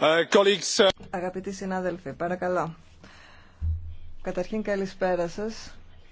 Ε, ε. Αγαπητοί συνάδελφοι, παρακαλώ. Καταρχήν καλησπέρα σας.